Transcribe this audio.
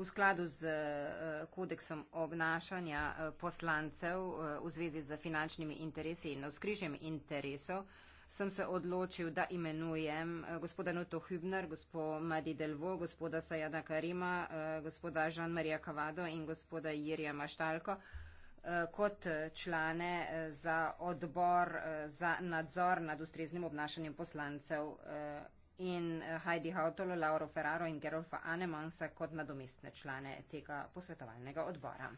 v skladu z eh, kodeksom obnašanja eh, poslancev eh, v zvezi z finančnimi interesi in navskrižjem interesov sem se odločil, da imenujem gospoda Nuto Hübner, gospoda Madi Delvo, gospoda Sajada Karima, gospoda Jean-Marija Cavado in gospoda Jirja Maštalko kot člane za odbor za nadzor nad ustreznim obnašanjem poslancev in Heidi Hautolo, Lauro Ferraro in Gerolfa Anemans kot nadomestne člane tega posvetovalnega odbora.